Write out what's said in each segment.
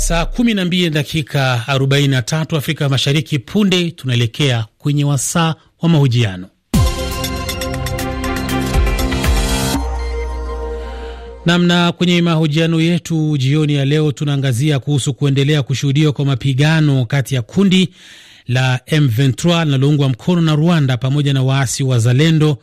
Saa 12 dakika 43 Afrika Mashariki. Punde tunaelekea kwenye wasaa wa mahojiano namna. Kwenye mahojiano yetu jioni ya leo, tunaangazia kuhusu kuendelea kushuhudiwa kwa mapigano kati ya kundi la M23 linaloungwa mkono na Rwanda pamoja na waasi wa Zalendo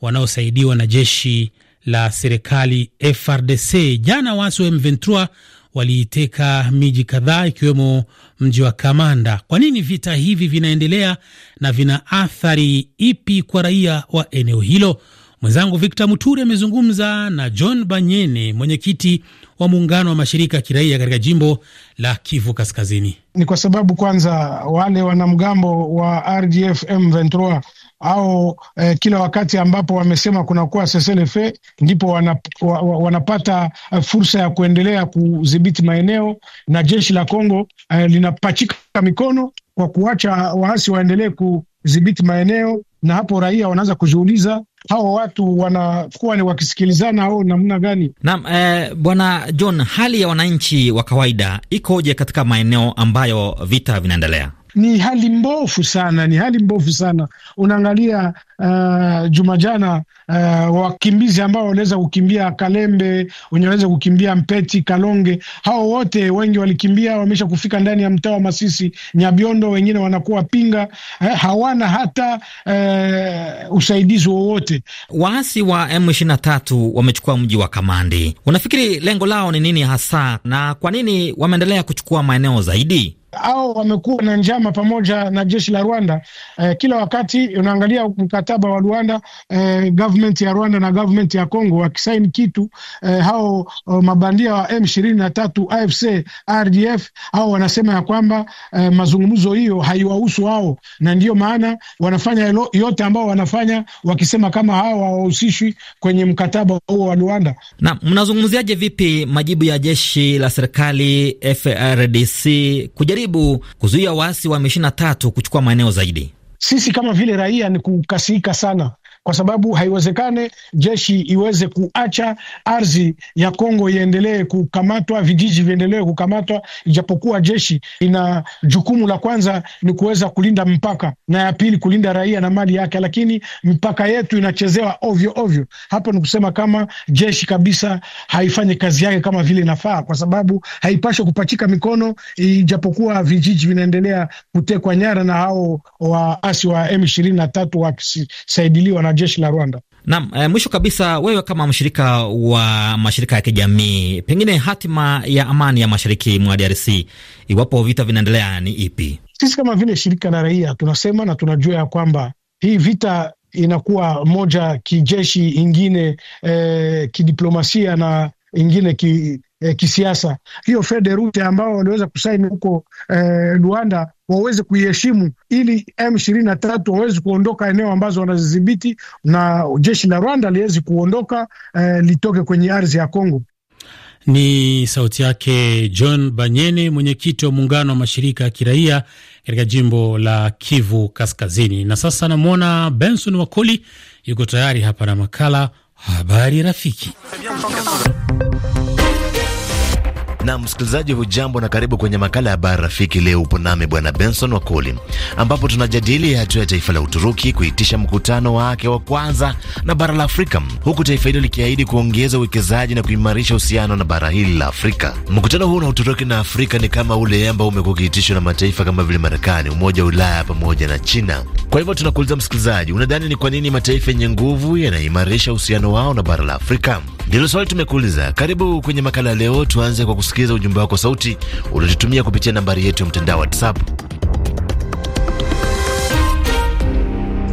wanaosaidiwa na jeshi la serikali FRDC. Jana waasi wa M23 waliiteka miji kadhaa ikiwemo mji wa Kamanda. Kwa nini vita hivi vinaendelea na vina athari ipi kwa raia wa eneo hilo? Mwenzangu Victor Muturi amezungumza na John Banyene, mwenyekiti wa muungano wa mashirika ya kiraia katika jimbo la Kivu Kaskazini. Ni kwa sababu kwanza wale wanamgambo wa RDF M23 au eh, kila wakati ambapo wamesema kunakuwa seselefe ndipo wanap, wa, wa, wanapata eh, fursa ya kuendelea kudhibiti maeneo na jeshi la Kongo eh, linapachika mikono kwa kuacha waasi waendelee kudhibiti maeneo, na hapo raia wanaanza kujiuliza hao watu wanakuwa ni wakisikilizana au namna gani? Naam, eh, Bwana John, hali ya wananchi wa kawaida ikoje katika maeneo ambayo vita vinaendelea? ni hali mbovu sana, ni hali mbovu sana. Unaangalia uh, jumajana uh, wakimbizi ambao wanaweza kukimbia Kalembe, wenye wanaweza kukimbia Mpeti, Kalonge, hao wote wengi walikimbia, wamesha kufika ndani ya mtaa wa Masisi, Nyabiondo, wengine wanakuwa Pinga eh, hawana hata eh, usaidizi wowote. Waasi wa M23 wamechukua mji wa Kamandi, unafikiri lengo lao ni nini hasa na kwa nini wameendelea kuchukua maeneo zaidi? au wamekuwa na njama pamoja na jeshi la Rwanda. Eh, kila wakati unaangalia mkataba wa Rwanda eh, government ya Rwanda na government ya Congo wakisaini kitu eh, hao oh, mabandia wa M23 AFC RDF hao wanasema ya kwamba eh, mazungumzo hiyo haiwahusu hao, na ndio maana wanafanya yote ambao wanafanya wakisema kama hao hawahusishwi kwenye mkataba huo wa Rwanda. Na mnazungumziaje vipi majibu ya jeshi la serikali FRDC kujaribu kujaribu kuzuia waasi wa M23 kuchukua maeneo zaidi? Sisi kama vile raia ni kukasirika sana kwa sababu haiwezekane jeshi iweze kuacha ardhi ya Kongo iendelee kukamatwa, vijiji viendelee kukamatwa, ijapokuwa jeshi ina jukumu la kwanza ni kuweza kulinda mpaka na ya pili kulinda raia na mali yake, lakini mpaka yetu inachezewa ovyo ovyo. Hapo ni kusema kama jeshi kabisa haifanyi kazi yake kama vile inafaa, kwa sababu haipashe kupachika mikono, ijapokuwa vijiji vinaendelea kutekwa nyara na hao waasi wa M ishirini na tatu wakisaidiliwa na jeshi la Rwanda. Naam, e, mwisho kabisa, wewe kama mshirika wa mashirika ya kijamii, pengine hatima ya amani ya mashariki mwa DRC iwapo vita vinaendelea ni ipi? Sisi kama vile shirika la raia tunasema na tunajua ya kwamba hii vita inakuwa moja kijeshi, ingine eh, kidiplomasia na ingine ki, eh, kisiasa. Hiyo federute ambao waliweza kusaini huko eh, Luanda waweze kuiheshimu ili M23 waweze kuondoka eneo ambazo wanazidhibiti na jeshi la Rwanda liwezi kuondoka eh, litoke kwenye ardhi ya Kongo. Ni sauti yake John Banyene, mwenyekiti wa muungano wa mashirika ya kiraia katika jimbo la Kivu Kaskazini. Na sasa namwona Benson Wakoli yuko tayari hapa na makala Habari Rafiki. Na msikilizaji, hujambo na karibu kwenye makala ya Habari Rafiki. Leo upo nami Bwana Benson Wakoli, ambapo tunajadili hatua ya taifa la Uturuki kuitisha mkutano wake wa kwanza na bara la Afrika, huku taifa hilo likiahidi kuongeza uwekezaji na kuimarisha uhusiano na bara hili la Afrika. Mkutano huu na Uturuki na Afrika ni kama ule ambao umekuwa ukiitishwa na mataifa kama vile Marekani, Umoja wa Ulaya pamoja na China. Kwa hivyo tunakuuliza msikilizaji, unadhani ni kwa nini mataifa yenye nguvu yanaimarisha uhusiano wao na bara la Afrika? Ndilo swali tumekuuliza. Karibu kwenye makala leo. Tuanze kwa kusikiliza ujumbe wako sauti uliotutumia kupitia nambari yetu ya mtandao WhatsApp.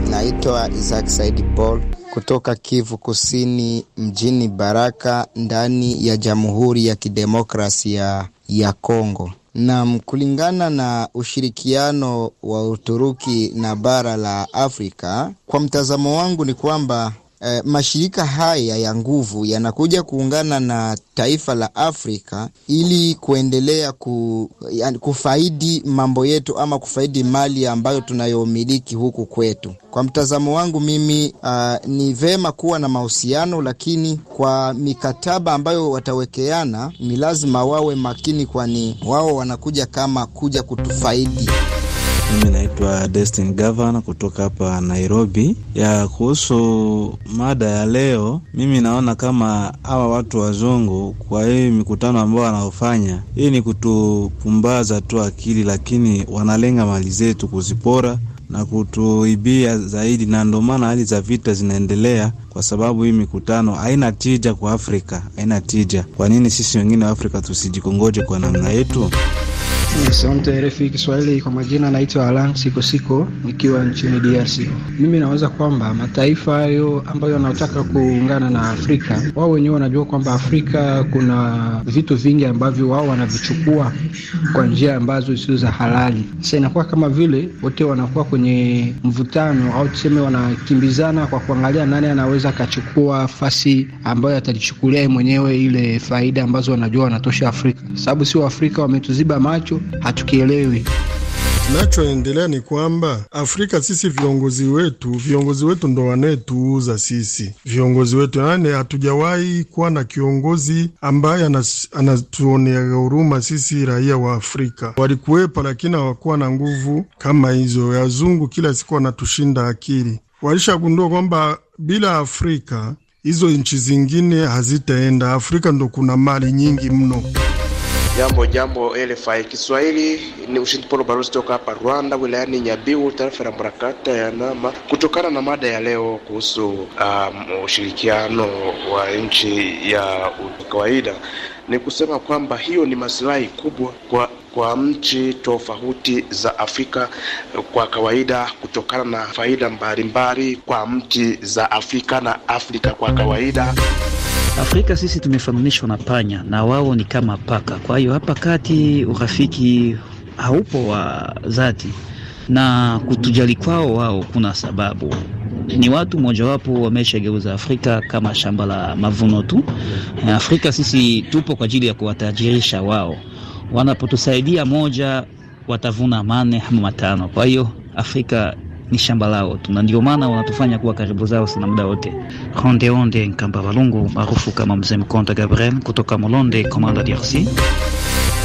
Naitwa Isaac Saidi Paul kutoka Kivu Kusini, mjini Baraka, ndani ya Jamhuri ya Kidemokrasia ya Kongo. Naam, kulingana na ushirikiano wa Uturuki na bara la Afrika, kwa mtazamo wangu ni kwamba eh, mashirika haya ya nguvu yanakuja kuungana na taifa la Afrika ili kuendelea ku, kufaidi mambo yetu ama kufaidi mali ambayo tunayomiliki huku kwetu. Kwa mtazamo wangu mimi, uh, ni vema kuwa na mahusiano, lakini kwa mikataba ambayo watawekeana ni lazima wawe makini, kwani wao wanakuja kama kuja kutufaidi. Mimi naitwa Destin Gavana kutoka hapa Nairobi. Ya kuhusu mada ya leo, mimi naona kama hawa watu wazungu kwa hii mikutano ambao wanaofanya hii ni kutupumbaza tu akili, lakini wanalenga mali zetu kuzipora na kutuibia zaidi, na ndio maana hali za vita zinaendelea, kwa sababu hii mikutano haina tija kwa Afrika, haina tija. Kwa nini sisi wengine wa Afrika tusijikongoje kwa namna yetu? Asante RFI Kiswahili. Kwa majina naitwa Alan Sikosiko nikiwa nchini DRC. Mimi naweza kwamba mataifa hayo ambayo yanataka kuungana na Afrika, wao wenyewe wanajua kwamba Afrika kuna vitu vingi ambavyo wao wanavichukua kwa njia ambazo sio za halali. Sasa inakuwa kama vile wote wanakuwa kwenye mvutano au tuseme wanakimbizana kwa kuangalia nani anaweza akachukua fasi ambayo atajichukulia mwenyewe ile faida ambazo wanajua wanatosha Afrika, sababu sio Afrika wametuziba macho hatukielewi. Kinachoendelea ni kwamba Afrika sisi viongozi wetu viongozi wetu ndo wanayetuuza sisi viongozi wetu, yaani hatujawahi kuwa na kiongozi ambaye anatuonea huruma sisi raia wa Afrika. Walikuwepa, lakini hawakuwa na nguvu kama hizo. Wazungu kila siku wanatushinda akili, walishagundua kwamba bila Afrika hizo nchi zingine hazitaenda. Afrika ndo kuna mali nyingi mno. Jambo jambo RFI Kiswahili, ni ushindi Polo Barusi toka hapa Rwanda, wilayani nyabiu tarafa ya Mbarakata ya Nama. Kutokana na mada ya leo kuhusu um, ushirikiano wa nchi ya kawaida ni kusema kwamba hiyo ni masilahi kubwa kwa kwa nchi tofauti za Afrika kwa kawaida, kutokana na faida mbalimbali kwa nchi za Afrika na Afrika kwa kawaida. Afrika sisi tumefananishwa na panya na wao ni kama paka. Kwa hiyo hapa kati urafiki haupo wa dhati, na kutujali kwao wao kuna sababu ni watu mojawapo wameshageuza Afrika kama shamba la mavuno tu. Eh, Afrika sisi tupo kwa ajili ya kuwatajirisha wao, wanapotusaidia moja watavuna mane ama matano. Kwa hiyo Afrika ni shamba lao tu, na ndio maana wanatufanya kuwa karibu zao sana muda wote. Ronde Onde Nkamba Balungu, maarufu kama Mzee Mkonda Gabriel, kutoka Molonde Komanda, DRC.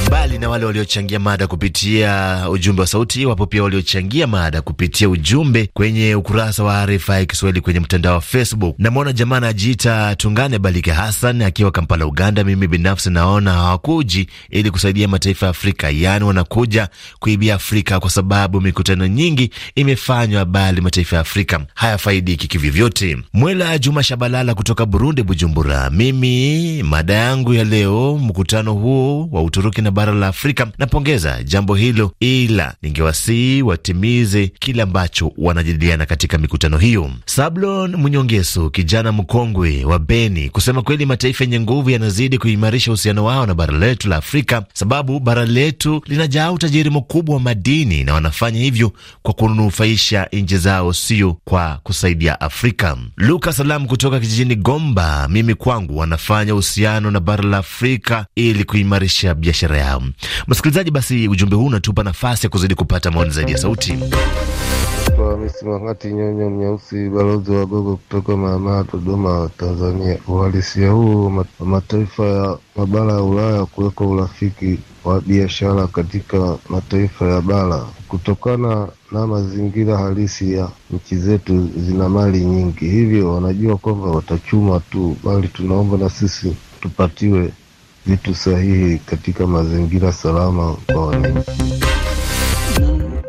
Mbali na wale waliochangia mada kupitia ujumbe wa sauti, wapo pia waliochangia mada kupitia ujumbe kwenye ukurasa wa RFI Kiswahili kwenye mtandao wa Facebook. Namwona jamaa anajiita Tungane Balike Hassan akiwa Kampala, Uganda. Mimi binafsi naona hawakuji ili kusaidia mataifa ya Afrika, yaani wanakuja kuibia Afrika kwa sababu mikutano nyingi imefanywa, bali mataifa ya Afrika hayafaidiki kivyovyote. Mwela Juma Shabalala kutoka Burundi, Bujumbura. Mimi mada yangu ya leo, mkutano huo wa Uturuki na bara la Afrika. Napongeza jambo hilo, ila ningewasihi watimize kile ambacho wanajadiliana katika mikutano hiyo. Sablon Munyongeso, kijana mkongwe wa Beni, kusema kweli, mataifa yenye nguvu yanazidi kuimarisha uhusiano wao na bara letu la Afrika, sababu bara letu linajaa utajiri mkubwa wa madini na wanafanya hivyo kwa kunufaisha nchi zao, sio kwa kusaidia Afrika. Luka Salam kutoka kijijini Gomba, mimi kwangu wanafanya uhusiano na bara la Afrika ili kuimarisha biashara yao. Um, msikilizaji, basi ujumbe huu unatupa nafasi ya kuzidi kupata maoni zaidi ya sauti. Hamisi Nyonyo Nyeusi, balozi wa gogo kutoka maamaa Dodoma, Tanzania. Uhalisia huu wa mataifa ya mabara ya Ulaya kuweka urafiki wa biashara katika mataifa ya bara kutokana na mazingira halisi ya nchi zetu, zina mali nyingi, hivyo wanajua kwamba watachuma tu, bali tunaomba na sisi tupatiwe vitu sahihi katika mazingira salama kwa wananchi.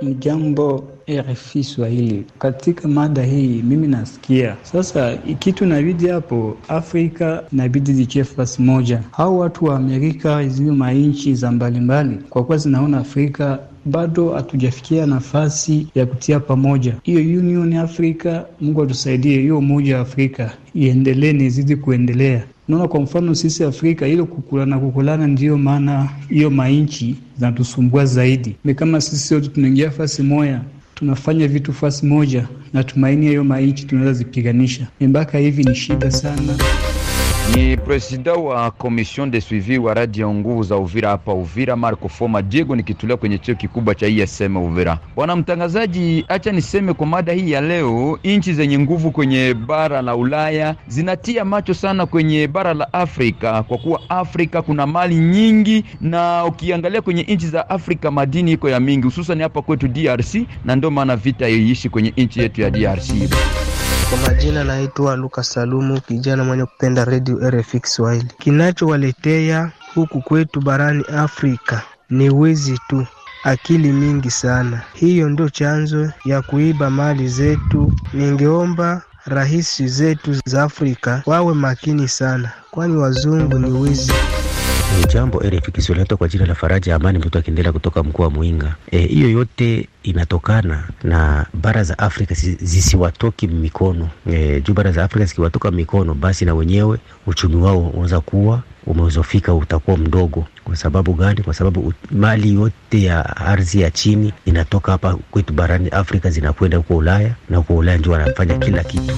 Mjambo RFI Swahili, katika mada hii mimi nasikia sasa kitu nabidi hapo, Afrika na zichie fasi moja. Hao watu wa Amerika, zio manchi za mbalimbali, kwa kuwa zinaona Afrika bado hatujafikia nafasi ya kutia pamoja hiyo Union Afrika. Mungu atusaidie, hiyo Umoja wa Afrika iendelee, nizidi kuendelea Naona kwa mfano sisi Afrika ile kukulana kukulana, ndiyo maana hiyo mainchi zinatusumbua zaidi. Ni kama sisi wote tunaingia fasi moja, tunafanya vitu fasi moja, natumaini hiyo mainchi tunaweza zipiganisha. Mpaka hivi ni shida sana. Ni presida wa komision de suivi wa radi ya nguvu za Uvira hapa Uvira, Marco Foma Diego, nikitulia kwenye cheo kikubwa cha ISM e Uvira. Bwana mtangazaji, acha niseme kwa mada hii ya leo, nchi zenye nguvu kwenye bara la Ulaya zinatia macho sana kwenye bara la Afrika, kwa kuwa Afrika kuna mali nyingi, na ukiangalia kwenye nchi za Afrika madini iko ya mingi, hususan hapa kwetu DRC, na ndio maana vita iishi kwenye nchi yetu ya DRC. Kwa majina naitwa Luka Salumu, kijana mwenye kupenda redio RFI Kiswahili. Kinachowaletea huku kwetu barani Afrika ni wizi tu, akili mingi sana. Hiyo ndio chanzo ya kuiba mali zetu. Ningeomba rahisi zetu za Afrika wawe makini sana, kwani wazungu ni wizi. Jambo RFI Kiswahili, hata kwa jina la Faraja Amani, mtoto akiendelea kutoka mkoa wa Muinga. E, hiyo e, yote inatokana na bara za Afrika zisiwatoki mikono e, juu bara za Afrika zikiwatoka mikono, basi na wenyewe uchumi wao unaweza kuwa umezofika utakuwa mdogo. Kwa sababu gani? Kwa sababu mali yote yote ya ardhi ya chini inatoka hapa kwetu barani Afrika zinakwenda huko Ulaya, na huko Ulaya ndio wanafanya kila kitu.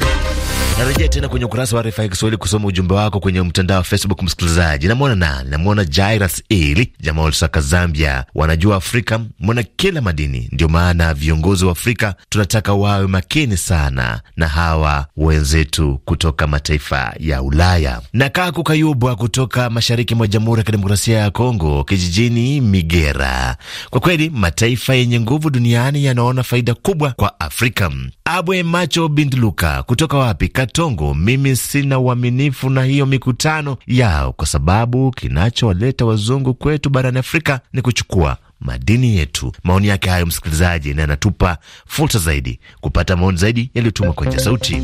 Narejea tena kwenye ukurasa wa RFI Kiswahili kusoma ujumbe wako kwenye mtandao wa Facebook. Msikilizaji, namwona nani? Namwona Jairas Eli Jamal Saka, Zambia. Wanajua Afrika mwana kila madini, ndio maana viongozi wa Afrika tunataka wawe makini sana na hawa wenzetu kutoka mataifa ya Ulaya. Na kaa kukayubwa kutoka mashariki mwa Jamhuri ya Kidemokrasia ya Kongo, kijijini Migera, kwa kweli mataifa yenye nguvu duniani yanaona faida kubwa kwa Afrika. Abwe Macho Bindluka kutoka wapi? Katongo. Mimi sina uaminifu na hiyo mikutano yao, kwa sababu kinachowaleta wazungu kwetu barani Afrika ni kuchukua madini yetu. Maoni yake hayo, msikilizaji, na yanatupa fursa zaidi kupata maoni zaidi yaliyotumwa kwa njia sauti.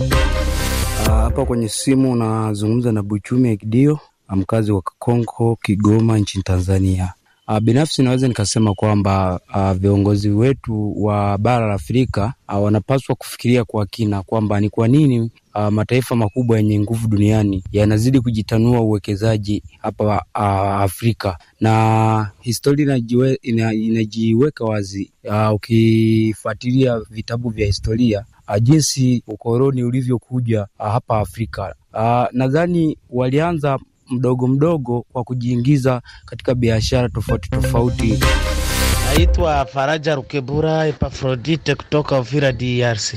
Ah, hapa kwenye simu unazungumza na Buchumi Akidio, mkazi wa Kakonko, Kigoma nchini Tanzania. Uh, binafsi naweza nikasema kwamba uh, viongozi wetu wa bara la Afrika uh, wanapaswa kufikiria kwa kina kwamba ni kwa nini uh, mataifa makubwa yenye nguvu duniani yanazidi kujitanua uwekezaji hapa uh, Afrika, na historia inajiweka wazi uh, ukifuatilia vitabu vya historia uh, jinsi ukoloni ulivyokuja uh, hapa Afrika. Uh, nadhani walianza mdogo mdogo wa kujiingiza katika biashara tofauti tofauti. Naitwa Faraja Rukebura Epafrodite kutoka Uvira, DRC.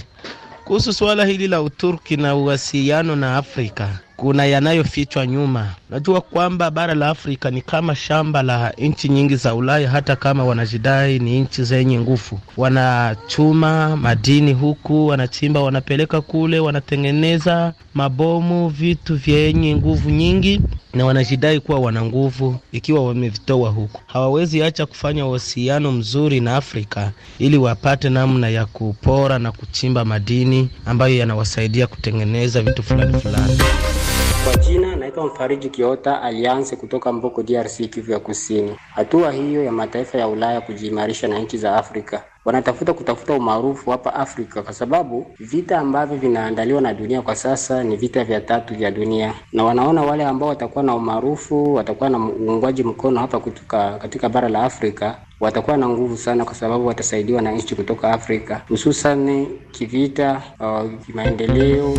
Kuhusu suala hili la Uturki na uhusiano na Afrika, kuna yanayofichwa nyuma. Najua kwamba bara la Afrika ni kama shamba la nchi nyingi za Ulaya, hata kama wanajidai ni nchi zenye nguvu. Wanachuma madini huku, wanachimba, wanapeleka kule, wanatengeneza mabomu, vitu vyenye nguvu nyingi, na wanajidai kuwa wana nguvu. Ikiwa wamevitoa huku, hawawezi acha kufanya uhusiano mzuri na Afrika ili wapate namna ya kupora na kuchimba madini ambayo yanawasaidia kutengeneza vitu fulani fulani. Kwa jina naitwa Mfariji Kiota alianse kutoka Mboko, DRC, Kivu ya Kusini. Hatua hiyo ya mataifa ya Ulaya kujiimarisha na nchi za Afrika wanatafuta kutafuta umaarufu hapa Afrika kwa sababu vita ambavyo vinaandaliwa na dunia kwa sasa ni vita vya tatu vya dunia, na wanaona wale ambao watakuwa na umaarufu, watakuwa na uungwaji mkono hapa kutoka katika bara la Afrika, watakuwa na nguvu sana, kwa sababu watasaidiwa na nchi kutoka Afrika, hususani kivita, uh, kimaendeleo.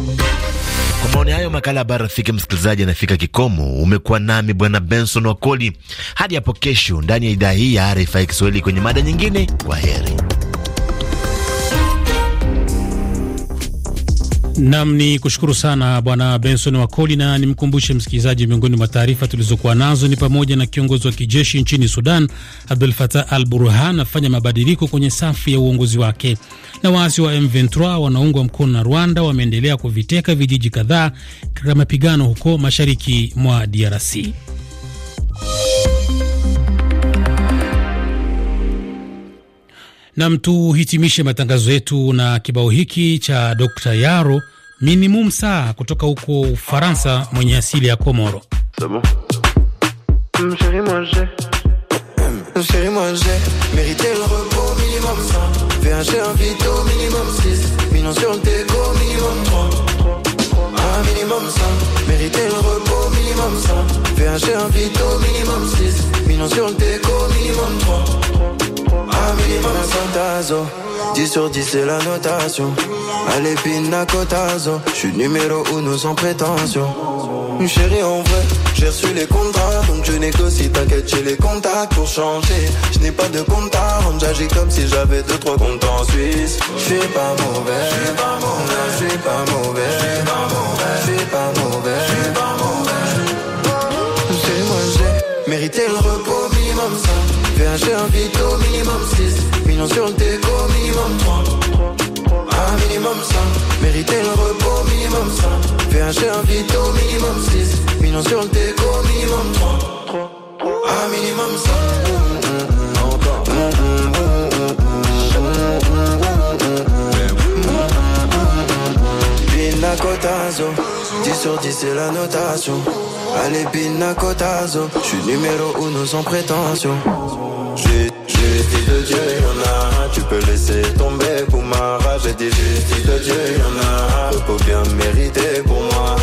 Kwa maoni hayo, makala habari rafiki msikilizaji anafika kikomo. Umekuwa nami bwana Benson Wakoli hadi hapo kesho ndani ya idhaa hii ya RFI Kiswahili kwenye mada nyingine. Kwa heri. Nam ni kushukuru sana Bwana Benson Wakoli, na nimkumbushe msikilizaji, miongoni mwa taarifa tulizokuwa nazo ni pamoja na kiongozi wa kijeshi nchini Sudan Abdul Fatah al Burhan afanya mabadiliko kwenye safu ya uongozi wake, na waasi wa M23 wanaungwa mkono na Rwanda wameendelea kuviteka vijiji kadhaa katika mapigano huko mashariki mwa DRC. Nam, tuhitimishe matangazo yetu na kibao hiki cha Dr. Yaro Minimum Saa kutoka huko Ufaransa, mwenye asili ya Komoro. Mm, 10 sur 10 c'est la notation. À l'épine à Cotazo. suis numéro 1 sans prétention. Chérie en vrai, j'ai reçu les contrats Donc je négocie, t'inquiète j'ai les contacts pour changer Je n'ai pas de compte à rendre, j'agis comme si j'avais deux trois comptes en Suisse Je suis pas mauvais, je suis pas mauvais. c'est la notation. Allez, cotazo je suis numéro uno sans prétention. J'ai dit de Dieu, y'en a. Tu peux laisser tomber pour ma rage. J'ai dit justice de Dieu, y'en a. Repos bien mérité pour moi.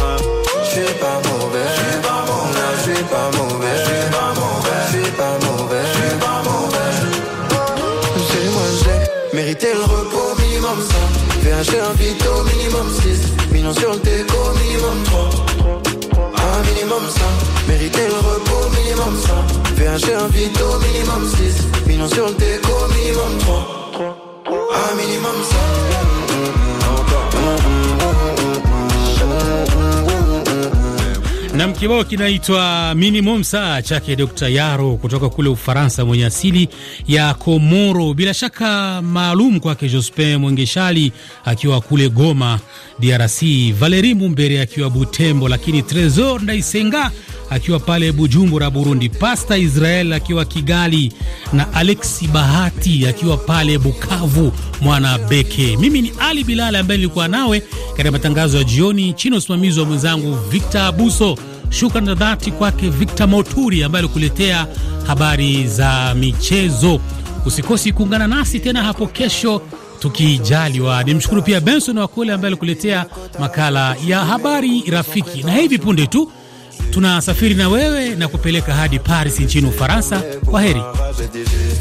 Je suis pas mauvais, je pas mauvais, je suis pas mauvais, je pas mauvais, je suis pas mauvais, je pas mauvais. J'ai moi j'ai mérité le repos minimum 5. j'ai un vite au minimum 6. Minus sur le déco, minimum 3. Un minimum 5. Mériter le repos, minimum 5. un minimum 6. Minon sur le déco, minimum 3. Un minimum 5. Nam kibao kinaitwa minimum saa chake Dr Yaro kutoka kule Ufaransa, mwenye asili ya Komoro. Bila shaka maalum kwake Jospin Mwengeshali akiwa kule Goma, DRC, Valeri Mumbere akiwa Butembo, lakini Tresor Ndaisenga akiwa pale Bujumbura Burundi, Pasta Israel akiwa Kigali na Alexi Bahati akiwa pale Bukavu mwana beke. Mimi ni Ali Bilal ambaye nilikuwa nawe katika matangazo ya jioni chini ya usimamizi wa mwenzangu Victor Abuso. Shukrani za dhati kwake Victor Moturi ambaye alikuletea habari za michezo. Usikosi kuungana nasi tena hapo kesho tukijaliwa. Nimshukuru pia Benson wakole ambaye alikuletea makala ya habari rafiki, na hivi punde tu Tunasafiri na wewe na kupeleka hadi Paris nchini Ufaransa. Kwa heri.